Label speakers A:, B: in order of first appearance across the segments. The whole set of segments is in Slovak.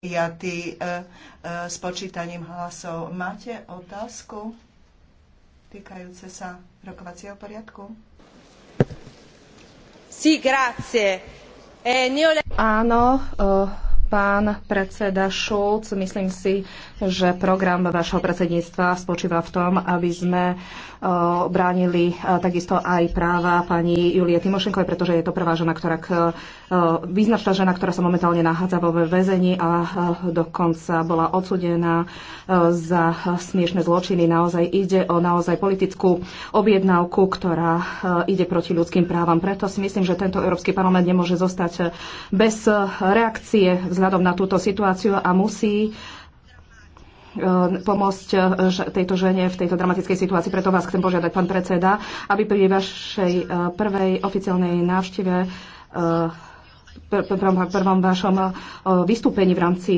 A: prijatý e, e, s počítaním hlasov. Máte otázku týkajúce sa rokovacieho poriadku? Sí, grazie. Eh, e, Áno, Pán predseda Šulc, myslím si, že program vašho predsedníctva spočíva v tom, aby sme e, bránili e, takisto aj práva pani Julie Timošenkovej, pretože je to prvá žena, ktorá k, e, význačná žena, ktorá sa momentálne nachádza vo väzení a dokonca bola odsudená za smiešne zločiny. Naozaj ide o naozaj politickú objednávku, ktorá ide proti ľudským právam. Preto si myslím, že tento Európsky parlament nemôže zostať bez reakcie vzhľadom na túto situáciu a musí e, pomôcť e, tejto žene v tejto dramatickej situácii. Preto vás chcem požiadať, pán predseda, aby pri vašej e, prvej oficiálnej návšteve prvom, prvom vašom vystúpení v rámci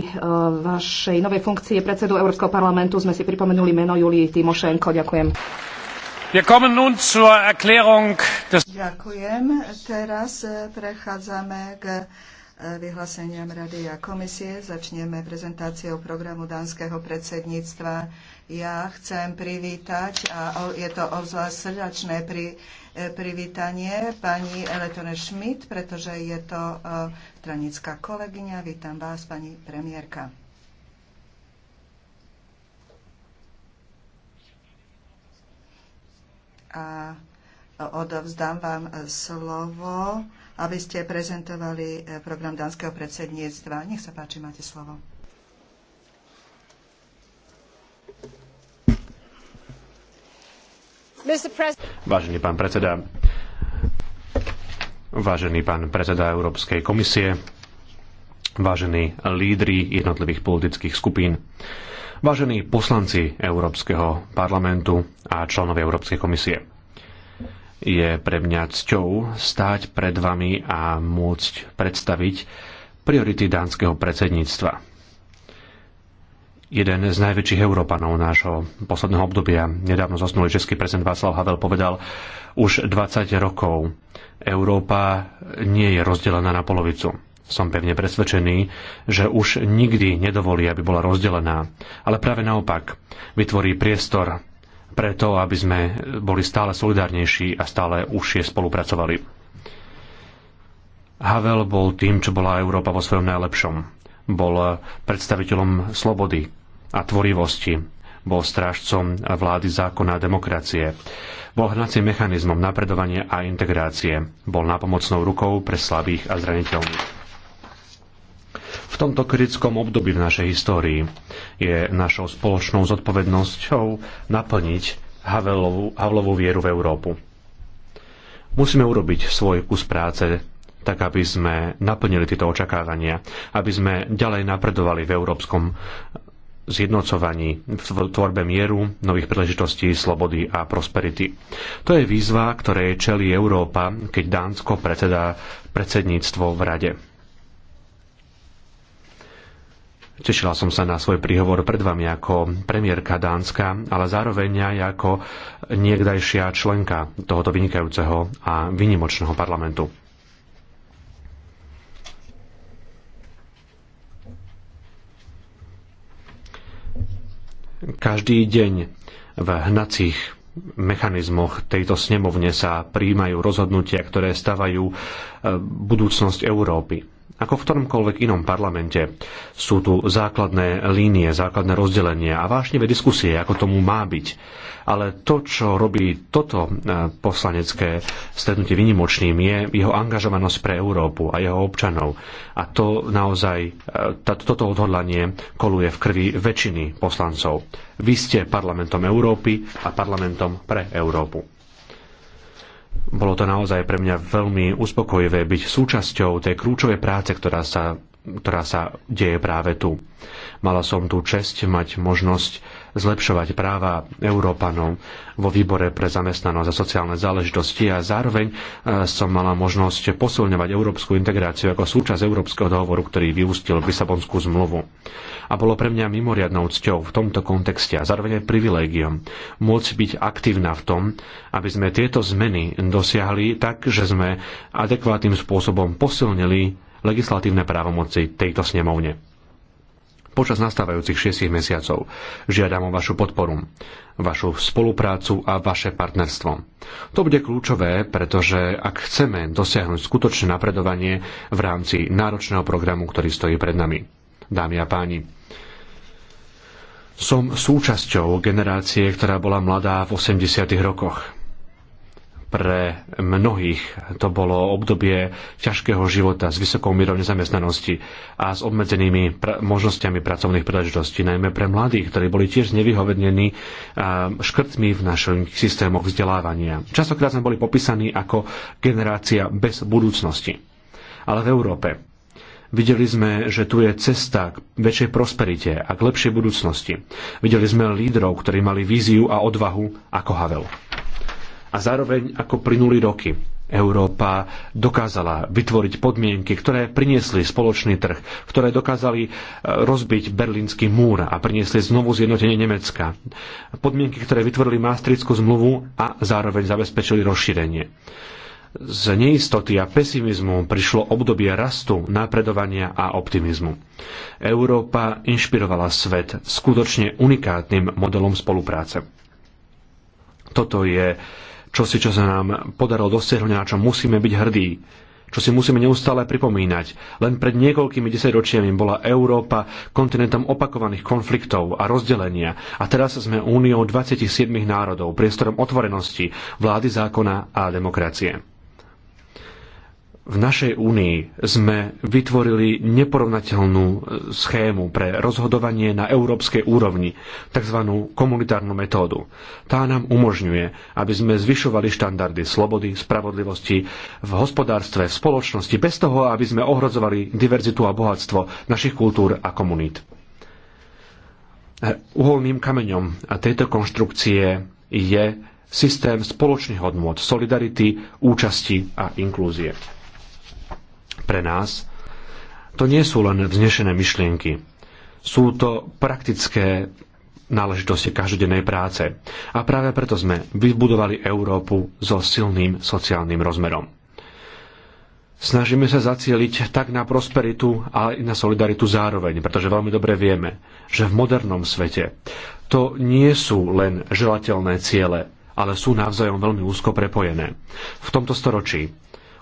A: vašej novej funkcie predsedu Európskeho parlamentu sme si pripomenuli meno Julii Timošenko. Ďakujem. Ďakujem. Teraz prechádzame k vyhláseniam Rady a komisie. Začneme prezentáciou programu dánskeho predsedníctva. Ja chcem privítať, a je to obzvlášť srdačné pri, e, privítanie, pani Eletone Schmidt, pretože je to e, stranická kolegyňa. Vítam vás, pani premiérka. A odovzdám vám slovo aby ste prezentovali e, program dánskeho predsedníctva. Nech sa páči, máte slovo. Vážený pán predseda, vážený pán predseda Európskej komisie, vážení lídri jednotlivých politických skupín, vážení poslanci Európskeho parlamentu a členovia Európskej komisie. Je pre mňa cťou stáť pred vami a môcť predstaviť priority dánskeho predsedníctva. Jeden z najväčších Európanov nášho posledného obdobia, nedávno zosnulý český prezident Václav Havel, povedal už 20 rokov Európa nie je rozdelená na polovicu. Som pevne presvedčený, že už nikdy nedovolí, aby bola rozdelená, ale práve naopak vytvorí priestor preto, aby sme boli stále solidárnejší a stále užšie spolupracovali. Havel bol tým, čo bola Európa vo svojom najlepšom. Bol predstaviteľom slobody a tvorivosti. Bol strážcom vlády zákona a demokracie. Bol hnacím mechanizmom napredovania a integrácie. Bol napomocnou rukou pre slabých a zraniteľných v tomto kritickom období v našej histórii. Je našou spoločnou zodpovednosťou naplniť Havelovú, Havlovú vieru v Európu. Musíme urobiť svoj kus práce tak aby sme naplnili tieto očakávania, aby sme ďalej napredovali v európskom zjednocovaní, v tvorbe mieru, nových príležitostí, slobody a prosperity. To je výzva, ktorej čelí Európa, keď Dánsko predsedá predsedníctvo v Rade. Tešila som sa na svoj príhovor pred vami ako premiérka Dánska, ale zároveň aj ako niekdajšia členka tohoto vynikajúceho a vynimočného parlamentu. Každý deň v hnacích mechanizmoch tejto snemovne sa príjmajú rozhodnutia, ktoré stavajú eh, budúcnosť Európy ako v ktoromkoľvek inom parlamente. Sú tu základné línie, základné rozdelenie a vášnivé diskusie, ako tomu má byť. Ale to, čo robí toto e, poslanecké stretnutie vynimočným, je jeho angažovanosť pre Európu a jeho občanov. A to naozaj, e, toto odhodlanie koluje v krvi väčšiny poslancov. Vy ste parlamentom Európy a parlamentom pre Európu. Bolo to naozaj pre mňa veľmi uspokojivé byť súčasťou tej kľúčovej práce, ktorá sa, ktorá sa deje práve tu. Mala som tú česť mať možnosť zlepšovať práva Európanov vo výbore pre zamestnanosť a sociálne záležitosti a zároveň e, som mala možnosť posilňovať európsku integráciu ako súčasť Európskeho dohovoru, ktorý vyústil Lisabonskú zmluvu. A bolo pre mňa mimoriadnou cťou v tomto kontexte a zároveň aj privilégiom môcť byť aktívna v tom, aby sme tieto zmeny dosiahli tak, že sme adekvátnym spôsobom posilnili legislatívne právomoci tejto snemovne počas nastávajúcich šiestich mesiacov. Žiadam o vašu podporu, vašu spoluprácu a vaše partnerstvo. To bude kľúčové, pretože ak chceme dosiahnuť skutočné napredovanie v rámci náročného programu, ktorý stojí pred nami. Dámy a páni, som súčasťou generácie, ktorá bola mladá v 80. rokoch pre mnohých to bolo obdobie ťažkého života s vysokou mierou nezamestnanosti a s obmedzenými pr- možnosťami pracovných príležitostí, najmä pre mladých, ktorí boli tiež nevyhovednení škrtmi v našich systémoch vzdelávania. Častokrát sme boli popísaní ako generácia bez budúcnosti. Ale v Európe Videli sme, že tu je cesta k väčšej prosperite a k lepšej budúcnosti. Videli sme lídrov, ktorí mali víziu a odvahu ako Havel a zároveň ako plynuli roky. Európa dokázala vytvoriť podmienky, ktoré priniesli spoločný trh, ktoré dokázali e, rozbiť berlínsky múr a priniesli znovu zjednotenie Nemecka. Podmienky, ktoré vytvorili Maastrichtskú zmluvu a zároveň zabezpečili rozšírenie. Z neistoty a pesimizmu prišlo obdobie rastu, napredovania a optimizmu. Európa inšpirovala svet skutočne unikátnym modelom spolupráce. Toto je čo si, čo sa nám podarilo dosiahnuť, na čo musíme byť hrdí čo si musíme neustále pripomínať. Len pred niekoľkými desaťročiami bola Európa kontinentom opakovaných konfliktov a rozdelenia a teraz sme úniou 27 národov, priestorom otvorenosti, vlády zákona a demokracie v našej únii sme vytvorili neporovnateľnú e, schému pre rozhodovanie na európskej úrovni, tzv. komunitárnu metódu. Tá nám umožňuje, aby sme zvyšovali štandardy slobody, spravodlivosti v hospodárstve, v spoločnosti, bez toho, aby sme ohrozovali diverzitu a bohatstvo našich kultúr a komunít. E, uholným kameňom tejto konštrukcie je systém spoločných hodnôt, solidarity, účasti a inklúzie pre nás, to nie sú len vznešené myšlienky. Sú to praktické náležitosti každodennej práce. A práve preto sme vybudovali Európu so silným sociálnym rozmerom. Snažíme sa zacieliť tak na prosperitu a aj na solidaritu zároveň, pretože veľmi dobre vieme, že v modernom svete to nie sú len želateľné ciele, ale sú navzájom veľmi úzko prepojené. V tomto storočí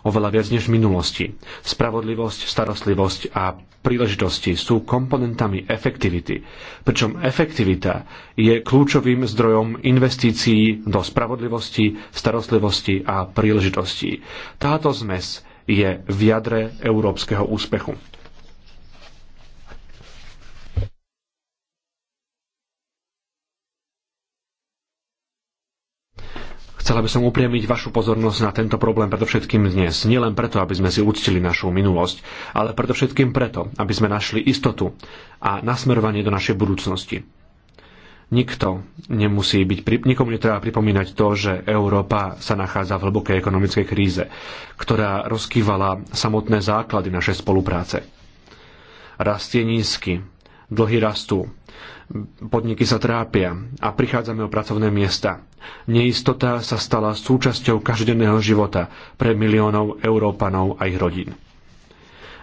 A: oveľa viac než v minulosti. Spravodlivosť, starostlivosť a príležitosti sú komponentami efektivity, pričom efektivita je kľúčovým zdrojom investícií do spravodlivosti, starostlivosti a príležitostí. Táto zmes je v jadre európskeho úspechu. Chcela by som upriamiť vašu pozornosť na tento problém predovšetkým dnes. Nielen preto, aby sme si uctili našu minulosť, ale predovšetkým preto, aby sme našli istotu a nasmerovanie do našej budúcnosti. Nikto nemusí byť, nikomu netreba pripomínať to, že Európa sa nachádza v hlbokej ekonomickej kríze, ktorá rozkývala samotné základy našej spolupráce. Rast je nízky, dlhy rastú, Podniky sa trápia a prichádzame o pracovné miesta. Neistota sa stala súčasťou každodenného života pre miliónov Európanov a ich rodín.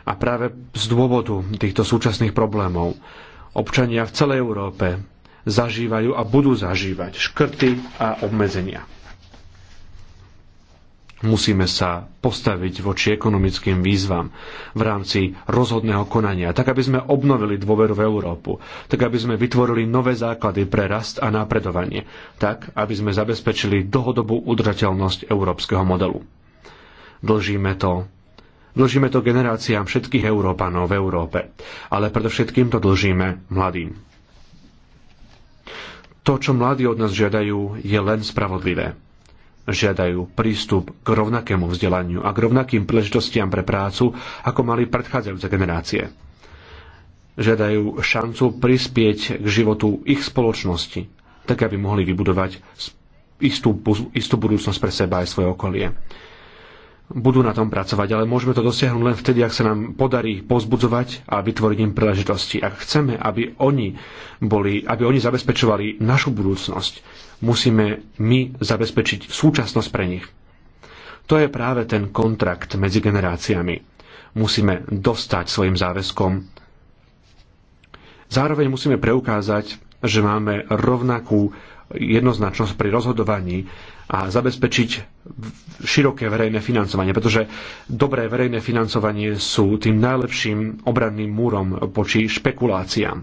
A: A práve z dôvodu týchto súčasných problémov občania v celej Európe zažívajú a budú zažívať škrty a obmedzenia. Musíme sa postaviť voči ekonomickým výzvam v rámci rozhodného konania, tak aby sme obnovili dôveru v Európu, tak aby sme vytvorili nové základy pre rast a napredovanie, tak aby sme zabezpečili dlhodobú udržateľnosť európskeho modelu. Dlžíme to Dlžíme to generáciám všetkých Európanov v Európe, ale predovšetkým to dlžíme mladým. To, čo mladí od nás žiadajú, je len spravodlivé žiadajú prístup k rovnakému vzdelaniu a k rovnakým príležitostiam pre prácu, ako mali predchádzajúce generácie. Žiadajú šancu prispieť k životu ich spoločnosti, tak aby mohli vybudovať istú, istú budúcnosť pre seba aj svoje okolie budú na tom pracovať, ale môžeme to dosiahnuť len vtedy, ak sa nám podarí pozbudzovať a vytvoriť im príležitosti. Ak chceme, aby oni, boli, aby oni zabezpečovali našu budúcnosť, musíme my zabezpečiť súčasnosť pre nich. To je práve ten kontrakt medzi generáciami. Musíme dostať svojim záväzkom. Zároveň musíme preukázať, že máme rovnakú jednoznačnosť pri rozhodovaní a zabezpečiť široké verejné financovanie, pretože dobré verejné financovanie sú tým najlepším obranným múrom poči špekuláciám.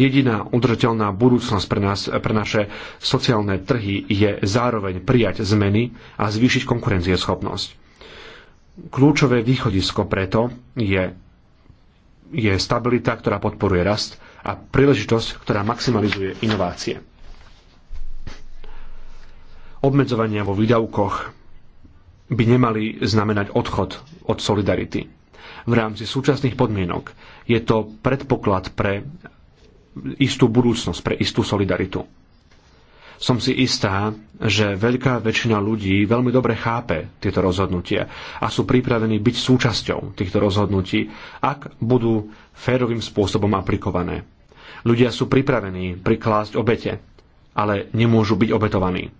A: Jediná udržateľná budúcnosť pre, nás, pre naše sociálne trhy je zároveň prijať zmeny a zvýšiť konkurencieschopnosť. Kľúčové východisko preto je, je stabilita, ktorá podporuje rast, a príležitosť, ktorá maximalizuje inovácie. Obmedzovania vo výdavkoch by nemali znamenať odchod od solidarity. V rámci súčasných podmienok je to predpoklad pre istú budúcnosť, pre istú solidaritu som si istá, že veľká väčšina ľudí veľmi dobre chápe tieto rozhodnutia a sú pripravení byť súčasťou týchto rozhodnutí, ak budú férovým spôsobom aplikované. Ľudia sú pripravení priklásť obete, ale nemôžu byť obetovaní.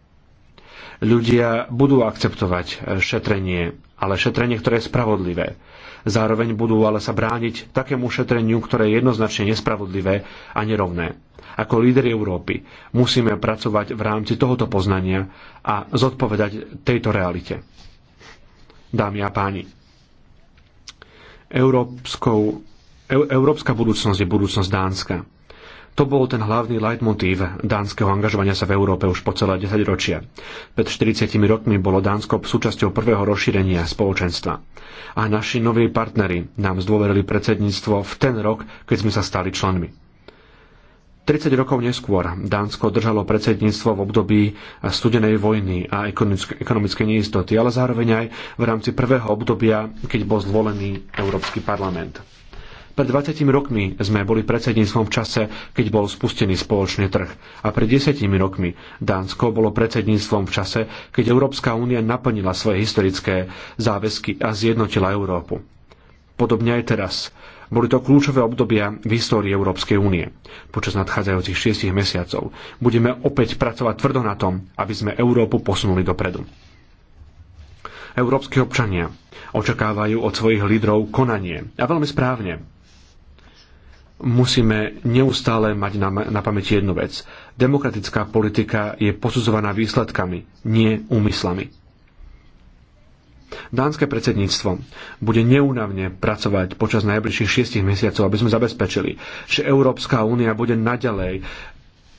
A: Ľudia budú akceptovať šetrenie, ale šetrenie, ktoré je spravodlivé. Zároveň budú ale sa brániť takému šetreniu, ktoré je jednoznačne nespravodlivé a nerovné. Ako líderi Európy musíme pracovať v rámci tohoto poznania a zodpovedať tejto realite. Dámy a páni, Európskou, európska budúcnosť je budúcnosť Dánska. To bol ten hlavný leitmotív dánskeho angažovania sa v Európe už po celé 10 ročia. Pred 40 rokmi bolo Dánsko súčasťou prvého rozšírenia spoločenstva. A naši noví partnery nám zdôverili predsedníctvo v ten rok, keď sme sa stali členmi. 30 rokov neskôr Dánsko držalo predsedníctvo v období studenej vojny a ekonomickej neistoty, ale zároveň aj v rámci prvého obdobia, keď bol zvolený Európsky parlament. Pred 20 rokmi sme boli predsedníctvom v čase, keď bol spustený spoločný trh. A pred 10 rokmi Dánsko bolo predsedníctvom v čase, keď Európska únia naplnila svoje historické záväzky a zjednotila Európu. Podobne aj teraz boli to kľúčové obdobia v histórii Európskej únie. Počas nadchádzajúcich šiestich mesiacov budeme opäť pracovať tvrdo na tom, aby sme Európu posunuli dopredu. Európsky občania očakávajú od svojich lídrov konanie. A veľmi správne. Musíme neustále mať na, na pamäti jednu vec. Demokratická politika je posudzovaná výsledkami, nie úmyslami. Dánske predsedníctvo bude neúnavne pracovať počas najbližších šiestich mesiacov, aby sme zabezpečili, že Európska únia bude naďalej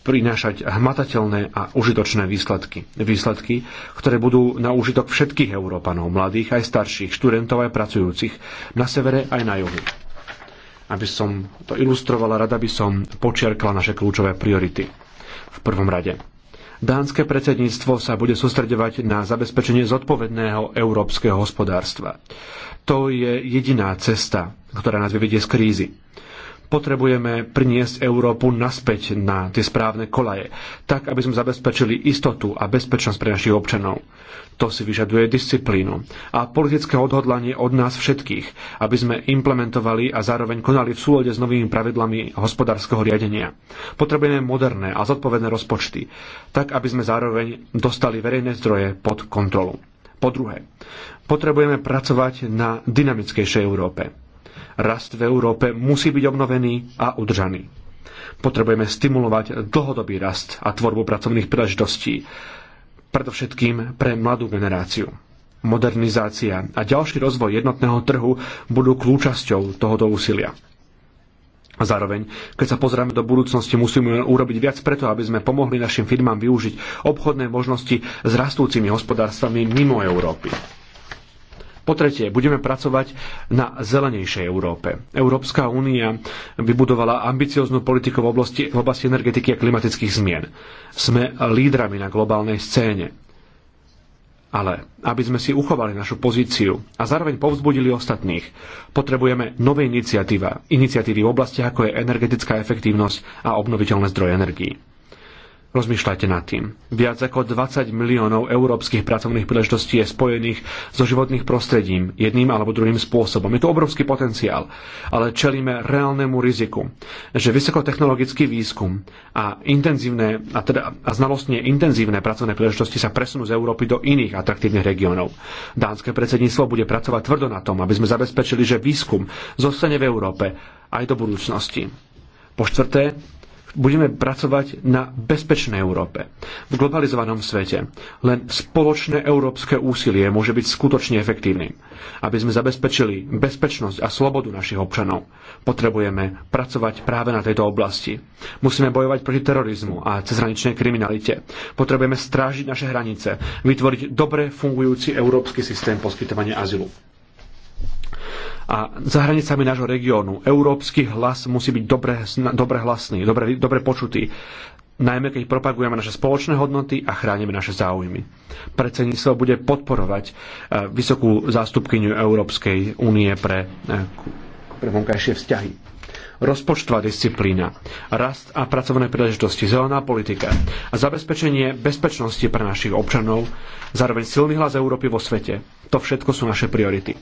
A: prinášať hmatateľné a užitočné výsledky. Výsledky, ktoré budú na užitok všetkých Európanov, mladých aj starších, študentov aj pracujúcich, na severe aj na juhu. Aby som to ilustrovala, rada by som počiarkla naše kľúčové priority. V prvom rade Dánske predsedníctvo sa bude sústredovať na zabezpečenie zodpovedného európskeho hospodárstva. To je jediná cesta, ktorá nás vyvedie z krízy potrebujeme priniesť Európu naspäť na tie správne kolaje, tak aby sme zabezpečili istotu a bezpečnosť pre našich občanov. To si vyžaduje disciplínu a politické odhodlanie od nás všetkých, aby sme implementovali a zároveň konali v súlode s novými pravidlami hospodárskeho riadenia. Potrebujeme moderné a zodpovedné rozpočty, tak aby sme zároveň dostali verejné zdroje pod kontrolu. Po druhé, potrebujeme pracovať na dynamickejšej Európe. Rast v Európe musí byť obnovený a udržaný. Potrebujeme stimulovať dlhodobý rast a tvorbu pracovných príležitostí, predovšetkým pre mladú generáciu. Modernizácia a ďalší rozvoj jednotného trhu budú kľúčasťou tohoto úsilia. zároveň, keď sa pozrieme do budúcnosti, musíme urobiť viac preto, aby sme pomohli našim firmám využiť obchodné možnosti s rastúcimi hospodárstvami mimo Európy. Po tretie, budeme pracovať na zelenejšej Európe. Európska únia vybudovala ambicioznú politiku v oblasti, v oblasti energetiky a klimatických zmien. Sme lídrami na globálnej scéne. Ale aby sme si uchovali našu pozíciu a zároveň povzbudili ostatných, potrebujeme nové iniciatíva, iniciatívy v oblasti ako je energetická efektívnosť a obnoviteľné zdroje energií. Rozmýšľajte nad tým. Viac ako 20 miliónov európskych pracovných príležitostí je spojených so životných prostredím jedným alebo druhým spôsobom. Je to obrovský potenciál, ale čelíme reálnemu riziku, že vysokotechnologický výskum a, intenzívne, a, teda, a znalostne intenzívne pracovné príležitosti sa presunú z Európy do iných atraktívnych regiónov. Dánske predsedníctvo bude pracovať tvrdo na tom, aby sme zabezpečili, že výskum zostane v Európe aj do budúcnosti. Po štvrté, budeme pracovať na bezpečnej Európe, v globalizovanom svete. Len spoločné európske úsilie môže byť skutočne efektívnym. Aby sme zabezpečili bezpečnosť a slobodu našich občanov, potrebujeme pracovať práve na tejto oblasti. Musíme bojovať proti terorizmu a cezhraničnej kriminalite. Potrebujeme strážiť naše hranice, vytvoriť dobre fungujúci európsky systém poskytovania azylu a za hranicami nášho regiónu. Európsky hlas musí byť dobre, dobre hlasný, dobre, dobre počutý najmä keď propagujeme naše spoločné hodnoty a chránime naše záujmy. Predsedníctvo bude podporovať e, vysokú zástupkyňu Európskej únie pre, e, pre vonkajšie vzťahy rozpočtová disciplína, rast a pracovné príležitosti, zelená politika a zabezpečenie bezpečnosti pre našich občanov, zároveň silný hlas Európy vo svete. To všetko sú naše priority.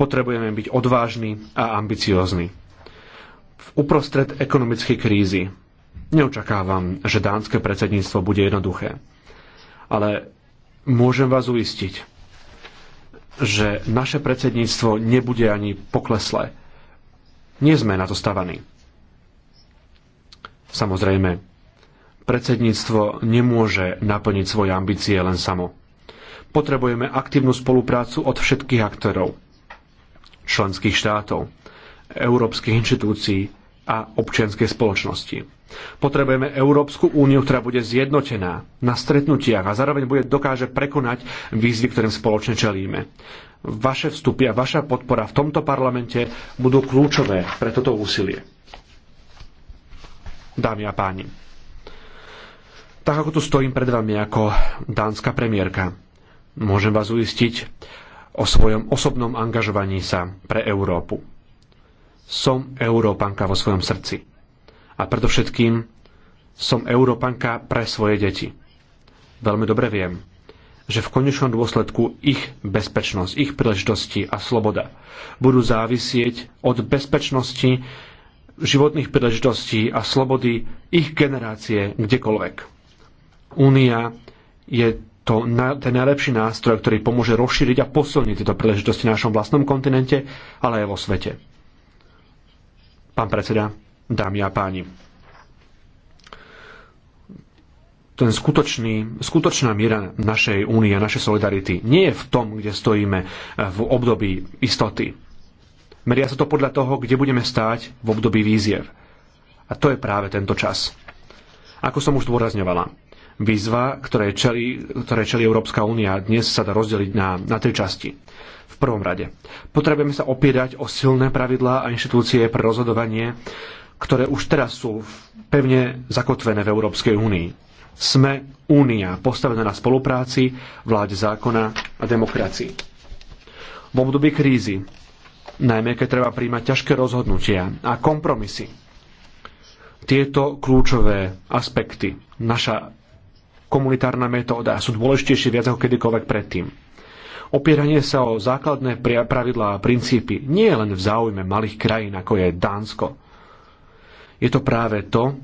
A: Potrebujeme byť odvážni a ambiciózni. V uprostred ekonomickej krízy neočakávam, že dánske predsedníctvo bude jednoduché. Ale môžem vás uistiť, že naše predsedníctvo nebude ani pokleslé. Nie sme na to stavaní. Samozrejme, predsedníctvo nemôže naplniť svoje ambície len samo. Potrebujeme aktívnu spoluprácu od všetkých aktorov – členských štátov, európskych inštitúcií a občianskej spoločnosti. Potrebujeme Európsku úniu, ktorá bude zjednotená na stretnutiach a zároveň bude dokáže prekonať výzvy, ktorým spoločne čelíme. Vaše vstupy a vaša podpora v tomto parlamente budú kľúčové pre toto úsilie. Dámy a páni, tak ako tu stojím pred vami ako dánska premiérka, môžem vás uistiť, o svojom osobnom angažovaní sa pre Európu. Som Európanka vo svojom srdci. A predovšetkým som Európanka pre svoje deti. Veľmi dobre viem, že v konečnom dôsledku ich bezpečnosť, ich príležitosti a sloboda budú závisieť od bezpečnosti, životných príležitostí a slobody ich generácie kdekoľvek. Únia je to, na, ten najlepší nástroj, ktorý pomôže rozšíriť a posilniť tieto príležitosti na našom vlastnom kontinente, ale aj vo svete. Pán predseda, dámy a páni, ten skutočný, skutočná miera našej únie, našej solidarity nie je v tom, kde stojíme v období istoty. Meria sa to podľa toho, kde budeme stáť v období víziev. A to je práve tento čas. Ako som už dôrazňovala, výzva, ktoré čelí, ktoré čelí Európska únia. Dnes sa dá rozdeliť na, na tri časti. V prvom rade. Potrebujeme sa opierať o silné pravidlá a inštitúcie pre rozhodovanie, ktoré už teraz sú pevne zakotvené v Európskej únii. Sme únia postavená na spolupráci, vláde zákona a demokracii. V období krízy, najmä keď treba príjmať ťažké rozhodnutia a kompromisy, tieto kľúčové aspekty naša komunitárna metóda sú dôležitejšie viac ako kedykoľvek predtým. Opieranie sa o základné pravidlá a princípy nie je len v záujme malých krajín, ako je Dánsko. Je to práve to,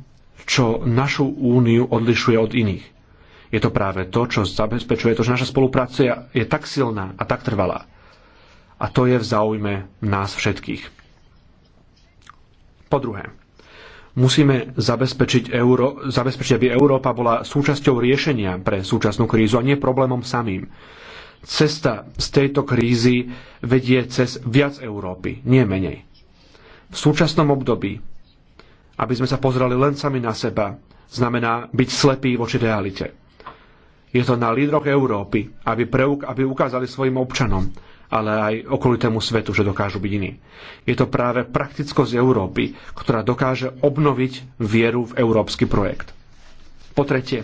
A: čo našu úniu odlišuje od iných. Je to práve to, čo zabezpečuje to, že naša spolupráca je tak silná a tak trvalá. A to je v záujme nás všetkých. Po druhé, Musíme zabezpečiť, Euró- zabezpečiť, aby Európa bola súčasťou riešenia pre súčasnú krízu a nie problémom samým. Cesta z tejto krízy vedie cez viac Európy, nie menej. V súčasnom období, aby sme sa pozreli len sami na seba, znamená byť slepý voči realite. Je to na lídroch Európy, aby, preuk- aby ukázali svojim občanom, ale aj okolitému svetu, že dokážu byť iní. Je to práve praktickosť Európy, ktorá dokáže obnoviť vieru v európsky projekt. Po tretie,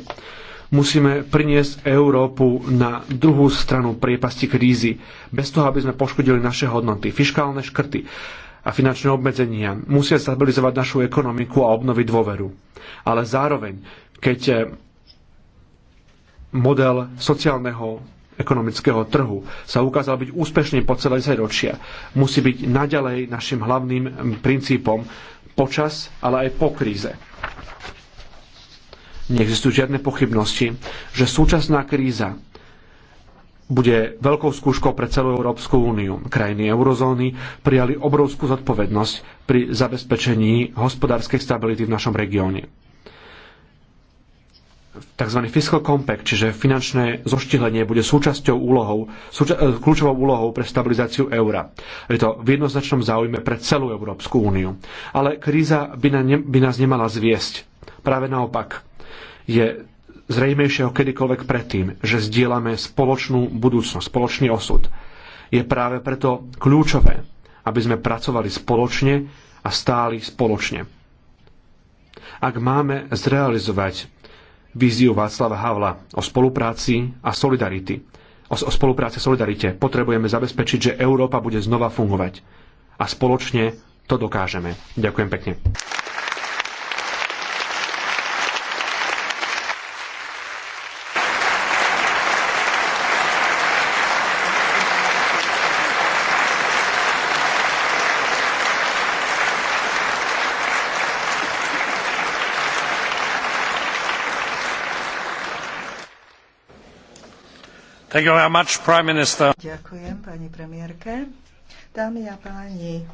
A: musíme priniesť Európu na druhú stranu priepasti krízy, bez toho, aby sme poškodili naše hodnoty, fiskálne škrty, a finančné obmedzenia musia stabilizovať našu ekonomiku a obnoviť dôveru. Ale zároveň, keď eh, model sociálneho ekonomického trhu sa ukázal byť úspešný po celé 10 ročia. Musí byť naďalej našim hlavným princípom počas, ale aj po kríze. Neexistujú žiadne pochybnosti, že súčasná kríza bude veľkou skúškou pre celú Európsku úniu. Krajiny eurozóny prijali obrovskú zodpovednosť pri zabezpečení hospodárskej stability v našom regióne tzv. fiscal compact, čiže finančné zoštihlenie, bude súčasťou úlohou, súča- e, kľúčovou úlohou pre stabilizáciu eura. Je to v jednoznačnom záujme pre celú Európsku úniu. Ale kríza by, na ne- by nás nemala zviesť. Práve naopak. Je zrejmejšieho kedykoľvek predtým, že zdieľame spoločnú budúcnosť, spoločný osud. Je práve preto kľúčové, aby sme pracovali spoločne a stáli spoločne. Ak máme zrealizovať víziu Václava Havla o spolupráci a solidarity. O, o spolupráci a solidarite potrebujeme zabezpečiť, že Európa bude znova fungovať. A spoločne to dokážeme. Ďakujem pekne. Thank you very much, Prime Ďakujem pani premiérke. Dámy a páni,